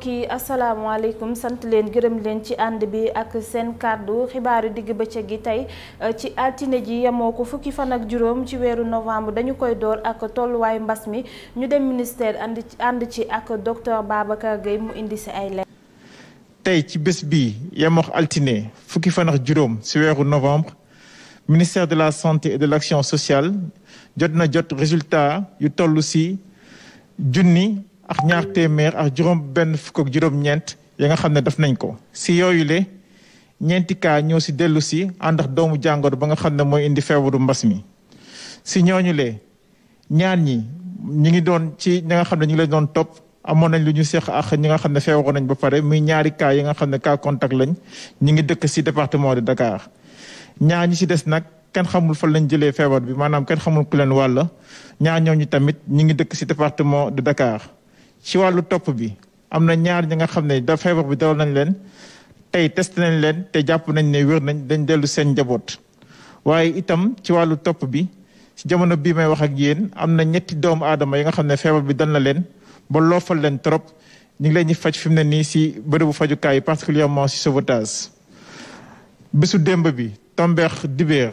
mbokk assalamu alaykum sant len gërëm len ci and bi ak sen kàddu xibaaru digg bëccëg gi eh, ci altine ji yamoko fukki fan ak juroom ci wéru novembre dañu koy door ak tolluwaayu mbas mi ñu dem ministère and ci ci ak docteur Babacar gey mu indi ci ay leer. tay ci bës bi yamox altine fukki fan ak juroom ci wéru novembre ministère de la santé et de l'action sociale jot na jot résultat yu tollu ci junni. ak ñaar téeméer ak juróom benn fukk ak juróom ñeent ya nga xam ne def nañ ko si yooyu le ñeenti kaa ñoo si dellu si ànd ak doomu jàngoro ba nga xam ne mooy indi feebaru mbas mi si ñooñu le ñaar ñi ñi ngi doon ci ña nga xam ne ñu ngi leen doon topp amoon nañ lu ñu seq ak ñi nga xam ne feewoo nañ ba pare muy ñaari kaa yi nga xam ne kaa contact lañ ñi ngi dëkk si département de Dakar ñaar ñi si des nag kenn xamul fa lañ jëlee feebar bi maanaam kenn xamul ku leen wàll ñaar ñooñu tamit ñi ngi dëkk si département de Dakar ci wàllu topp bi am na ñaar ñi nga xam ne da feebar bi dal nañ leen tey test nañ leen te jàpp nañ ne wér nañ dañ dellu seen njaboot waaye itam ci wàllu topp bi ci jamono bii may wax ak yéen am na ñetti doomu aadama yi nga xam ne feebar bi dal na leen ba loofal leen trop ñu ngi leen di faj fi mu ne nii si bërëbu fajukaay yi particulièrement si sauvetage bésu démb bi tombeex dibéer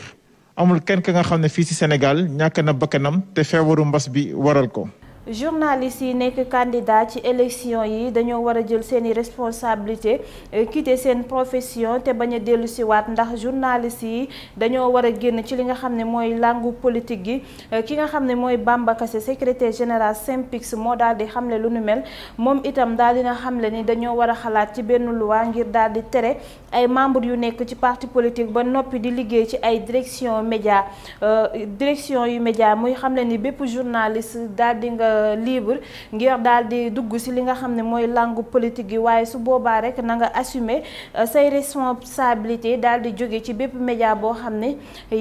amul kenn ka nga xam ne fii si Sénégal ñàkk na bakkanam te feebaru mbas bi waral ko journalistes yi nekk candidat ci élection yi dañoo war a jël seeni responsabilité euh, quitté seen profession te bañ a dellu si waat ndax journalistes yi dañoo war a génn ci li nga xam ne mooy langue politique gi euh, ki nga xam ne mooy Bamba Kassé secrétaire général SYNPICS moo daal di xamle lu nu mel moom itam daal dina xamle ni dañoo war a xalaat ci benn loi ngir daal di tere ay membres yu nekk ci parti politique ba noppi di liggéey ci ay direction média euh, direction yu média muy xamle ni bépp journaliste daal di nga libre ngir daal di dugg si li nga xam ne mooy langu politique yi waaye su boobaa rek na nga assumer euh, say responsabilité daal di jóge ci bépp média boo xam ne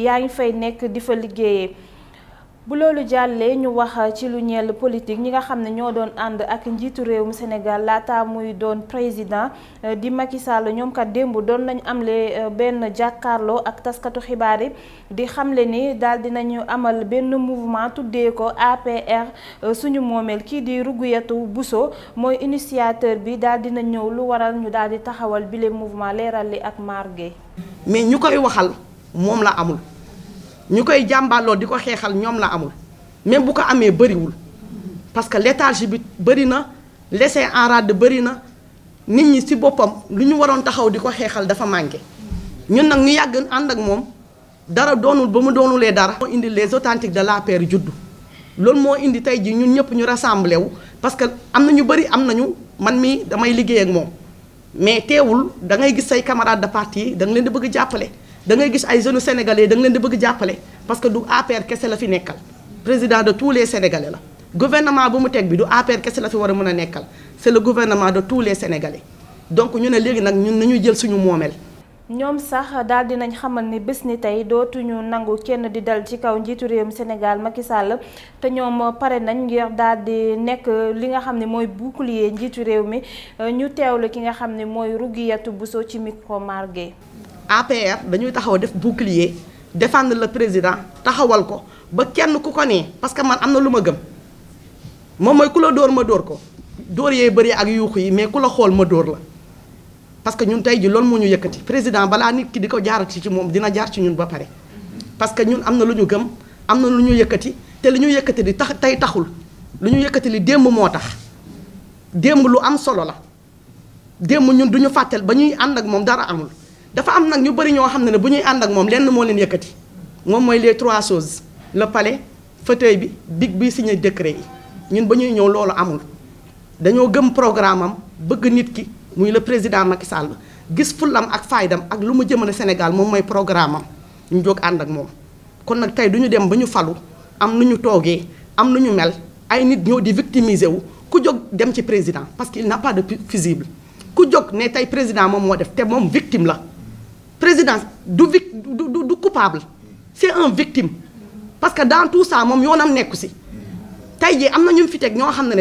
yaa ngi fay nekk di fa liggéeyee. bu loolu jàllee ñu wax ci lu ñeel politique ñi nga xam ne ñoo doon ànd ak njiitu réewum Sénégal laata muy doon président euh, di Macky Sall ñoom kat démb doon nañu amle euh, benn jàkkaarloo ak taskatu xibaar yi di xamle ni daal di nañu amal benn mouvement tuddee ko APR euh, suñu moomeel kii di Rougayatou Bousso mooy initiateur bi daal di na ñëw lu waral ñu daal di taxawal bile mouvement leeral li ak Margué. mais ñu koy waxal moom la amul. ñu koy jàmbaloo di ko xeexal ñoom la amul mais bu ko amee bëriwul parce que léthargie bi bëri na laissé en rade bëri na nit ñi ci boppam lu ñu waroon taxaw di ko xeexal dafa manqué ñun nag ñu yàgg ànd ak moom dara doonul ba mu doonulee dara. moo indi les authentiques de l'APR juddu loolu moo indi tey ji ñun ñëpp ñu rassemblé wu parce que am na ñu bëri am nañu man mii damay liggéey ak moom mais teewul da ngay gis say camarades de parti da leen di bëgg jàppale. da ngay gis ay jeunes sénégalais da leen di bëgg jàppale parce que du APR kese la fi nekkal président de tous les sénégalais la gouvernement bu mu teg bi du APR kese la fi war a mën a nekkal se le gouvernement de tous les sénégalais donc ñu ne léegi nag ñun ñu jël suñu moomeel. ñoom sax daal nañ xamal ni bés ni tey dootuñu nangu kenn di dal ci kaw njiitu réewum Sénégal Macky Sall te ñoom pare nañ ngir daal di nekk li nga xam ne mooy bouclier njiitu réew mi ñu teewlu ki nga xam ne mooy Rougiyatou Bousso ci micro margué. APR dañuy taxaw def bouclier défendre la président taxawal ko ba kenn ku ko nee parce que man am na lu ma gëm moom mooy ku la dóor ma dóor ko dóor yee bëri ak yuuxu yi mais ku la xool ma dóor la parce que ñun tey ji loolu moo ñu yëkkati président balaa nit ki di ko jaar ci ci moom dina jaar ci ñun ba pare parce que ñun am na lu ñu gëm am na lu ñu yëkkati te li ñu yëkkati li tax tey taxul lu ñu yëkkati li démb moo tax démb lu am solo la démb ñun du ñu fàttal ba ñuy ànd ak moom dara amul dafa am nag ñu bëri ñoo xam ne ne bu ñuy ànd ak moom lenn moo leen yëkkati moom mooy les trois choses le palais fauteuil bi big bi signé décret yi ñun ba ñuy ñëw loolu amul dañoo gëm programme am bëgg nit ki muy le président Macky Sall gis fulam ak faydam ak lu mu jëmale Sénégal moom mooy programme am ñu jóg ànd ak moom kon nag tey du ñu dem ba ñu falu am nu ñu toogee am na ñu mel ay nit ñoo di victimiser wu ku jóg dem ci président parce qu'il n'a pas ku jóg ne tey président moom moo def te moom victime la présidence du du du coupable c'est un victime parce que dans tout ça mom yoonam nekku si tey jii am na ñu fi teg ño xam ne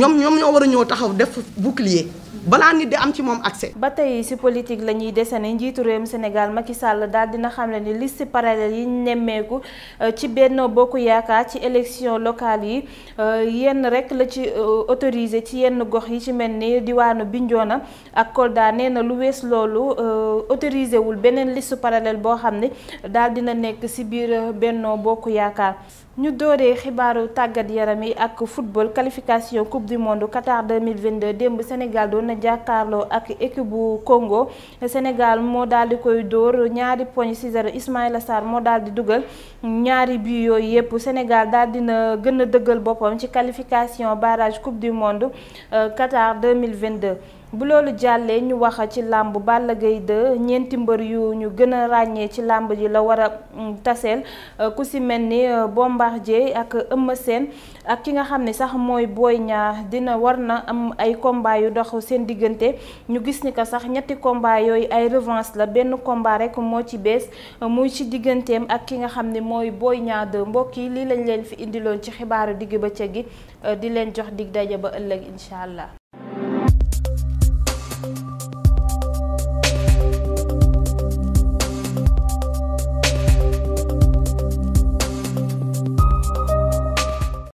ñom ñoom ñoom ñoo taxaw def bouclier. balaa nit di am ci moom accès. ba tey si politique la ñuy desane njiitu réewum Sénégal Macky Sall daal dina xamle ni liste parallèle yi nemmeeku euh, ci Benno Bokk Yaakaar ci élection locale yi euh, yenn rek la ci euh, autorisé ci yenn gox yi ci mel ni diwaanu Bignona ak Kolda nee na lu wees loolu autorisé wul beneen liste parallèle boo xam ne daal dina nekk si biir Benno Bokk Yaakaar. ñu dooree xibaaru tàggat yaram yi ak football qualification coupe du monde Qatar 2022 démb Sénégal doon doon jàkkaarloo ak équipe bu Congo Sénégal moo daal di koy dóor ñaari poñ si zéro Ismaïla Sarr moo daal di dugal ñaari bi yooyu yëpp Sénégal daal dina gën a dëggal boppam ci qualification barrage coupe du monde euh, Qatar 2022 bu loolu jàllee ñu wax ci làmb Balla Gaye 2 ñeenti mbër yu ñu gën a ràññee ci làmb ji la war a mm, taseel euh, ku si mel ni euh, Bombardier ak Eumeu Sène ak ki nga xam ne sax mooy Boy ñaar dina war na am ay combat yu dox seen diggante ñu gis ni ko sax ñetti combat yooyu ay revanche la benn combat rek moo ci bees euh, muy ci digganteem ak ki nga xam ne mooy Boy Niang 2 mbokk yi lii lañ leen fi indiloon ci xibaaru digg bëccëg gi di leen jox digg daje ba ëllëg incha allah.